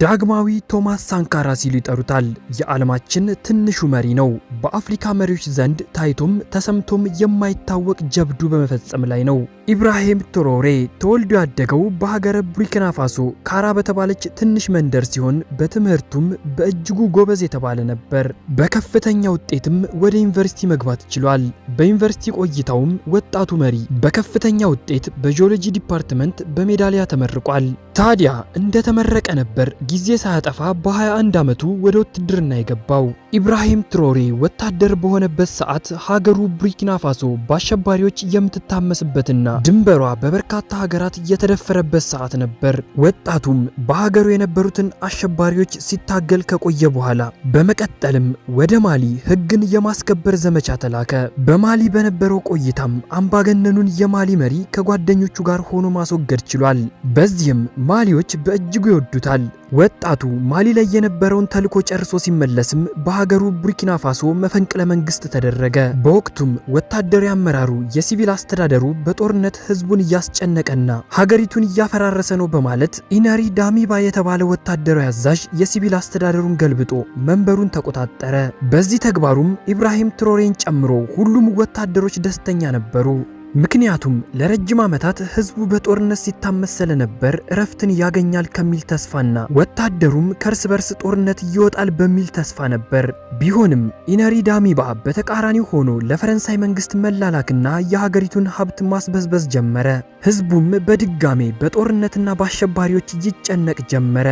ዳግማዊ ቶማስ ሳንካራ ሲሉ ይጠሩታል። የዓለማችን ትንሹ መሪ ነው። በአፍሪካ መሪዎች ዘንድ ታይቶም ተሰምቶም የማይታወቅ ጀብዱ በመፈጸም ላይ ነው። ኢብራሂም ቶሮሬ ተወልዶ ያደገው በሀገረ ቡርኪና ፋሶ ካራ በተባለች ትንሽ መንደር ሲሆን በትምህርቱም በእጅጉ ጎበዝ የተባለ ነበር። በከፍተኛ ውጤትም ወደ ዩኒቨርሲቲ መግባት ችሏል። በዩኒቨርሲቲ ቆይታውም ወጣቱ መሪ በከፍተኛ ውጤት በጂኦሎጂ ዲፓርትመንት በሜዳሊያ ተመርቋል። ታዲያ እንደተመረቀ ነበር ጊዜ ሳያጠፋ በ21 ዓመቱ ወደ ውትድርና የገባው። ኢብራሂም ትሮሬ ወታደር በሆነበት ሰዓት ሀገሩ ቡርኪና ፋሶ በአሸባሪዎች የምትታመስበትና ድንበሯ በበርካታ ሀገራት የተደፈረበት ሰዓት ነበር። ወጣቱም በሀገሩ የነበሩትን አሸባሪዎች ሲታገል ከቆየ በኋላ በመቀጠልም ወደ ማሊ ሕግን የማስከበር ዘመቻ ተላከ። በማሊ በነበረው ቆይታም አምባገነኑን የማሊ መሪ ከጓደኞቹ ጋር ሆኖ ማስወገድ ችሏል። በዚህም ማሊዎች በእጅጉ ይወዱታል። ወጣቱ ማሊ ላይ የነበረውን ተልዕኮ ጨርሶ ሲመለስም በሀገሩ ቡርኪና ፋሶ መፈንቅለ መንግስት ተደረገ። በወቅቱም ወታደራዊ አመራሩ፣ የሲቪል አስተዳደሩ በጦርነት ህዝቡን እያስጨነቀና ሀገሪቱን እያፈራረሰ ነው በማለት ኢነሪ ዳሚባ የተባለ ወታደራዊ አዛዥ የሲቪል አስተዳደሩን ገልብጦ መንበሩን ተቆጣጠረ። በዚህ ተግባሩም ኢብራሂም ትሮሬን ጨምሮ ሁሉም ወታደሮች ደስተኛ ነበሩ። ምክንያቱም ለረጅም ዓመታት ህዝቡ በጦርነት ሲታመስ ስለነበር እረፍትን ያገኛል ከሚል ተስፋና ወታደሩም ከእርስ በርስ ጦርነት ይወጣል በሚል ተስፋ ነበር። ቢሆንም ኢነሪ ዳሚባ በተቃራኒው ሆኖ ለፈረንሳይ መንግስት መላላክና የሀገሪቱን ሀብት ማስበዝበዝ ጀመረ። ህዝቡም በድጋሜ በጦርነትና በአሸባሪዎች ይጨነቅ ጀመረ።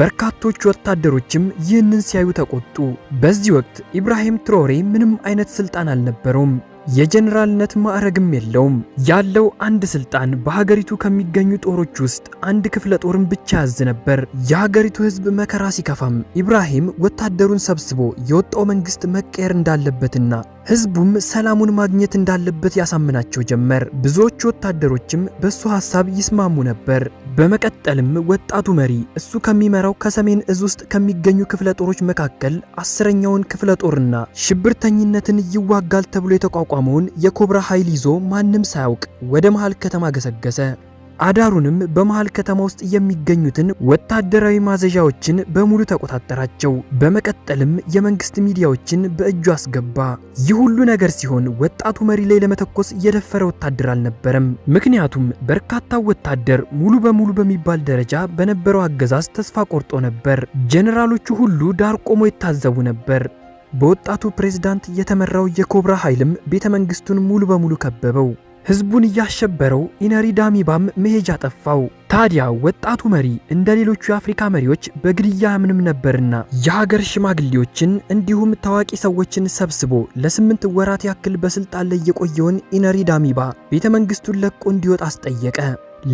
በርካቶች ወታደሮችም ይህንን ሲያዩ ተቆጡ። በዚህ ወቅት ኢብራሂም ትሮሬ ምንም አይነት ስልጣን አልነበረውም። የጀኔራልነት ማዕረግም የለውም። ያለው አንድ ስልጣን በሀገሪቱ ከሚገኙ ጦሮች ውስጥ አንድ ክፍለ ጦርን ብቻ ያዝ ነበር። የሀገሪቱ ህዝብ መከራ ሲከፋም ኢብራሂም ወታደሩን ሰብስቦ የወጣው መንግስት መቀየር እንዳለበትና ህዝቡም ሰላሙን ማግኘት እንዳለበት ያሳምናቸው ጀመር። ብዙዎቹ ወታደሮችም በእሱ ሀሳብ ይስማሙ ነበር። በመቀጠልም ወጣቱ መሪ እሱ ከሚመራው ከሰሜን እዝ ውስጥ ከሚገኙ ክፍለ ጦሮች መካከል አስረኛውን ክፍለ ጦርና ሽብርተኝነትን ይዋጋል ተብሎ የተቋቋመውን የኮብራ ኃይል ይዞ ማንም ሳያውቅ ወደ መሃል ከተማ ገሰገሰ። አዳሩንም በመሃል ከተማ ውስጥ የሚገኙትን ወታደራዊ ማዘዣዎችን በሙሉ ተቆጣጠራቸው። በመቀጠልም የመንግስት ሚዲያዎችን በእጁ አስገባ። ይህ ሁሉ ነገር ሲሆን ወጣቱ መሪ ላይ ለመተኮስ የደፈረ ወታደር አልነበረም። ምክንያቱም በርካታው ወታደር ሙሉ በሙሉ በሚባል ደረጃ በነበረው አገዛዝ ተስፋ ቆርጦ ነበር። ጀነራሎቹ ሁሉ ዳር ቆሞ ይታዘቡ ነበር። በወጣቱ ፕሬዝዳንት የተመራው የኮብራ ኃይልም ቤተ መንግስቱን ሙሉ በሙሉ ከበበው። ህዝቡን እያሸበረው ኢነሪ ዳሚባም መሄጃ ጠፋው። ታዲያ ወጣቱ መሪ እንደ ሌሎቹ የአፍሪካ መሪዎች በግድያ አያምንም ነበርና የሀገር ሽማግሌዎችን እንዲሁም ታዋቂ ሰዎችን ሰብስቦ ለስምንት ወራት ያክል በስልጣን ላይ የቆየውን ኢነሪ ዳሚባ ቤተ መንግስቱን ለቆ እንዲወጣ አስጠየቀ።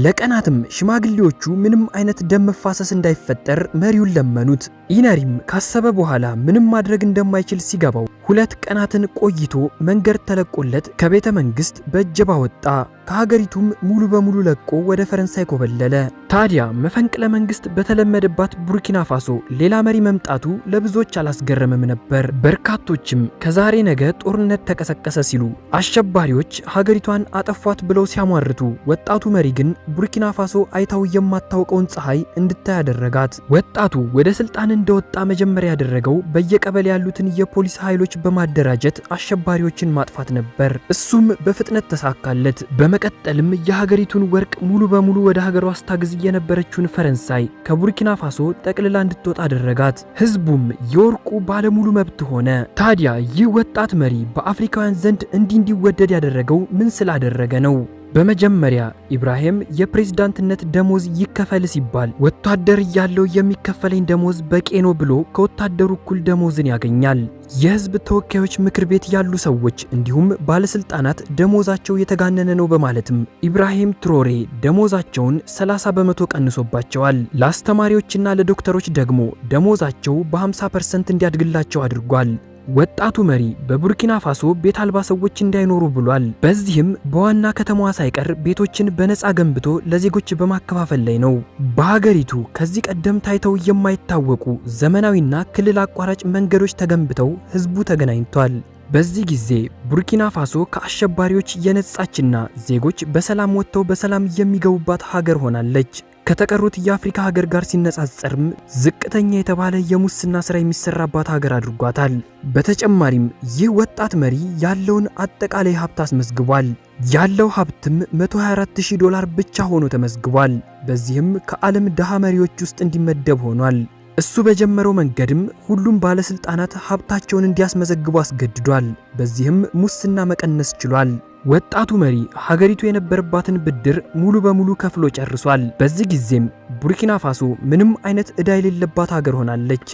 ለቀናትም ሽማግሌዎቹ ምንም አይነት ደም መፋሰስ እንዳይፈጠር መሪውን ለመኑት። ኢነሪም ካሰበ በኋላ ምንም ማድረግ እንደማይችል ሲገባው ሁለት ቀናትን ቆይቶ መንገድ ተለቆለት ከቤተ መንግስት በእጀባ ወጣ። ከሀገሪቱም ሙሉ በሙሉ ለቆ ወደ ፈረንሳይ ኮበለለ። ታዲያ መፈንቅለ መንግስት በተለመደባት ቡርኪና ፋሶ ሌላ መሪ መምጣቱ ለብዙዎች አላስገረምም ነበር። በርካቶችም ከዛሬ ነገ ጦርነት ተቀሰቀሰ ሲሉ፣ አሸባሪዎች ሀገሪቷን አጠፏት ብለው ሲያሟርቱ፣ ወጣቱ መሪ ግን ቡርኪና ፋሶ አይታው የማታውቀውን ፀሐይ እንድታይ ያደረጋት። ወጣቱ ወደ ስልጣን እንደወጣ መጀመሪያ ያደረገው በየቀበሌ ያሉትን የፖሊስ ኃይሎች በማደራጀት አሸባሪዎችን ማጥፋት ነበር። እሱም በፍጥነት ተሳካለት። በመቀጠልም የሀገሪቱን ወርቅ ሙሉ በሙሉ ወደ ሀገሯ አስታግዝ የነበረችውን ፈረንሳይ ከቡርኪና ፋሶ ጠቅልላ እንድትወጣ አደረጋት። ህዝቡም የወርቁ ባለሙሉ መብት ሆነ። ታዲያ ይህ ወጣት መሪ በአፍሪካውያን ዘንድ እንዲህ እንዲወደድ ያደረገው ምን ስላደረገ ነው? በመጀመሪያ ኢብራሂም የፕሬዝዳንትነት ደሞዝ ይከፈል ሲባል ወታደር እያለው የሚከፈለኝ ደሞዝ በቂ ነው ብሎ ከወታደሩ እኩል ደሞዝን ያገኛል። የህዝብ ተወካዮች ምክር ቤት ያሉ ሰዎች እንዲሁም ባለስልጣናት ደሞዛቸው የተጋነነ ነው በማለትም ኢብራሂም ትሮሬ ደሞዛቸውን 30 በመቶ ቀንሶባቸዋል። ለአስተማሪዎችና ለዶክተሮች ደግሞ ደሞዛቸው በ50 ፐርሰንት እንዲያድግላቸው አድርጓል። ወጣቱ መሪ በቡርኪና ፋሶ ቤት አልባ ሰዎች እንዳይኖሩ ብሏል። በዚህም በዋና ከተማዋ ሳይቀር ቤቶችን በነፃ ገንብቶ ለዜጎች በማከፋፈል ላይ ነው። በሀገሪቱ ከዚህ ቀደም ታይተው የማይታወቁ ዘመናዊና ክልል አቋራጭ መንገዶች ተገንብተው ህዝቡ ተገናኝቷል። በዚህ ጊዜ ቡርኪና ፋሶ ከአሸባሪዎች የነጻችና ዜጎች በሰላም ወጥተው በሰላም የሚገቡባት ሀገር ሆናለች። ከተቀሩት የአፍሪካ ሀገር ጋር ሲነጻጸርም ዝቅተኛ የተባለ የሙስና ስራ የሚሰራባት ሀገር አድርጓታል። በተጨማሪም ይህ ወጣት መሪ ያለውን አጠቃላይ ሀብት አስመዝግቧል። ያለው ሀብትም 124000 ዶላር ብቻ ሆኖ ተመዝግቧል። በዚህም ከዓለም ድሃ መሪዎች ውስጥ እንዲመደብ ሆኗል። እሱ በጀመረው መንገድም ሁሉም ባለስልጣናት ሀብታቸውን እንዲያስመዘግቡ አስገድዷል። በዚህም ሙስና መቀነስ ችሏል። ወጣቱ መሪ ሀገሪቱ የነበረባትን ብድር ሙሉ በሙሉ ከፍሎ ጨርሷል። በዚህ ጊዜም ቡርኪና ፋሶ ምንም አይነት ዕዳ የሌለባት ሀገር ሆናለች።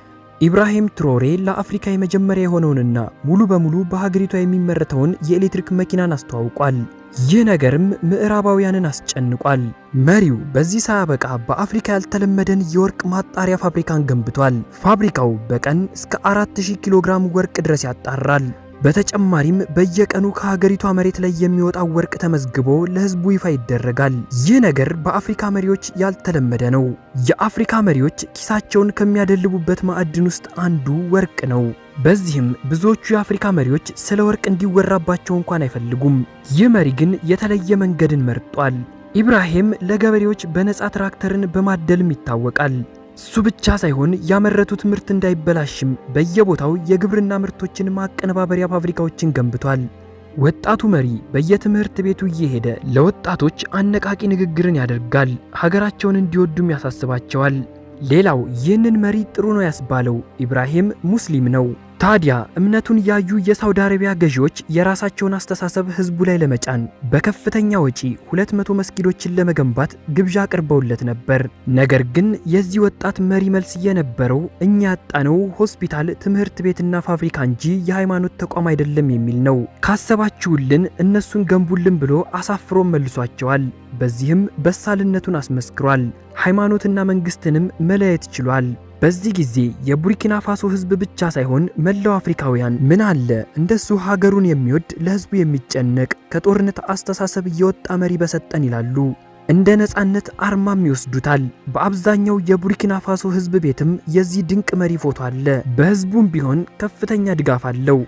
ኢብራሂም ትሮሬ ለአፍሪካ የመጀመሪያ የሆነውንና ሙሉ በሙሉ በሀገሪቷ የሚመረተውን የኤሌክትሪክ መኪናን አስተዋውቋል። ይህ ነገርም ምዕራባውያንን አስጨንቋል። መሪው በዚህ ሳያበቃ በአፍሪካ ያልተለመደን የወርቅ ማጣሪያ ፋብሪካን ገንብቷል። ፋብሪካው በቀን እስከ 4000 ኪሎ ግራም ወርቅ ድረስ ያጣራል። በተጨማሪም በየቀኑ ከሀገሪቷ መሬት ላይ የሚወጣው ወርቅ ተመዝግቦ ለህዝቡ ይፋ ይደረጋል። ይህ ነገር በአፍሪካ መሪዎች ያልተለመደ ነው። የአፍሪካ መሪዎች ኪሳቸውን ከሚያደልቡበት ማዕድን ውስጥ አንዱ ወርቅ ነው። በዚህም ብዙዎቹ የአፍሪካ መሪዎች ስለ ወርቅ እንዲወራባቸው እንኳን አይፈልጉም። ይህ መሪ ግን የተለየ መንገድን መርጧል። ኢብራሂም ለገበሬዎች በነፃ ትራክተርን በማደልም ይታወቃል። እሱ ብቻ ሳይሆን ያመረቱት ምርት እንዳይበላሽም በየቦታው የግብርና ምርቶችን ማቀነባበሪያ ፋብሪካዎችን ገንብቷል። ወጣቱ መሪ በየትምህርት ቤቱ እየሄደ ለወጣቶች አነቃቂ ንግግርን ያደርጋል፣ ሀገራቸውን እንዲወዱም ያሳስባቸዋል። ሌላው ይህንን መሪ ጥሩ ነው ያስባለው ኢብራሂም ሙስሊም ነው። ታዲያ እምነቱን ያዩ የሳውዲ አረቢያ ገዢዎች የራሳቸውን አስተሳሰብ ህዝቡ ላይ ለመጫን በከፍተኛ ወጪ 200 መስጊዶችን ለመገንባት ግብዣ አቅርበውለት ነበር። ነገር ግን የዚህ ወጣት መሪ መልስ የነበረው እኛ ያጣነው ሆስፒታል፣ ትምህርት ቤትና ፋብሪካ እንጂ የሃይማኖት ተቋም አይደለም የሚል ነው። ካሰባችሁልን እነሱን ገንቡልን ብሎ አሳፍሮ መልሷቸዋል። በዚህም በሳልነቱን አስመስክሯል። ሃይማኖትና መንግስትንም መለየት ችሏል። በዚህ ጊዜ የቡርኪና ፋሶ ህዝብ ብቻ ሳይሆን መላው አፍሪካውያን ምን አለ እንደሱ ሀገሩን የሚወድ ለህዝቡ የሚጨነቅ ከጦርነት አስተሳሰብ እየወጣ መሪ በሰጠን ይላሉ። እንደ ነጻነት አርማም ይወስዱታል። በአብዛኛው የቡርኪና ፋሶ ህዝብ ቤትም የዚህ ድንቅ መሪ ፎቶ አለ። በህዝቡም ቢሆን ከፍተኛ ድጋፍ አለው።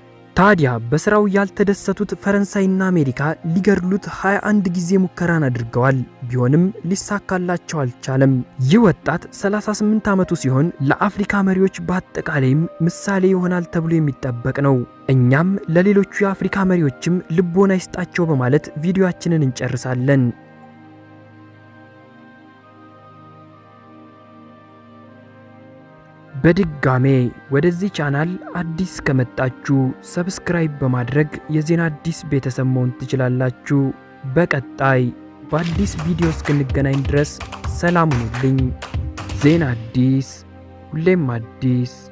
ታዲያ በስራው ያልተደሰቱት ፈረንሳይና አሜሪካ ሊገድሉት 21 ጊዜ ሙከራን አድርገዋል። ቢሆንም ሊሳካላቸው አልቻለም። ይህ ወጣት 38 ዓመቱ ሲሆን ለአፍሪካ መሪዎች በአጠቃላይም ምሳሌ ይሆናል ተብሎ የሚጠበቅ ነው። እኛም ለሌሎቹ የአፍሪካ መሪዎችም ልቦና ይስጣቸው በማለት ቪዲዮአችንን እንጨርሳለን። በድጋሜ ወደዚህ ቻናል አዲስ ከመጣችሁ ሰብስክራይብ በማድረግ የዜና አዲስ ቤተሰብ መሆን ትችላላችሁ። በቀጣይ በአዲስ ቪዲዮ እስክንገናኝ ድረስ ሰላም ሁኑልኝ። ዜና አዲስ ሁሌም አዲስ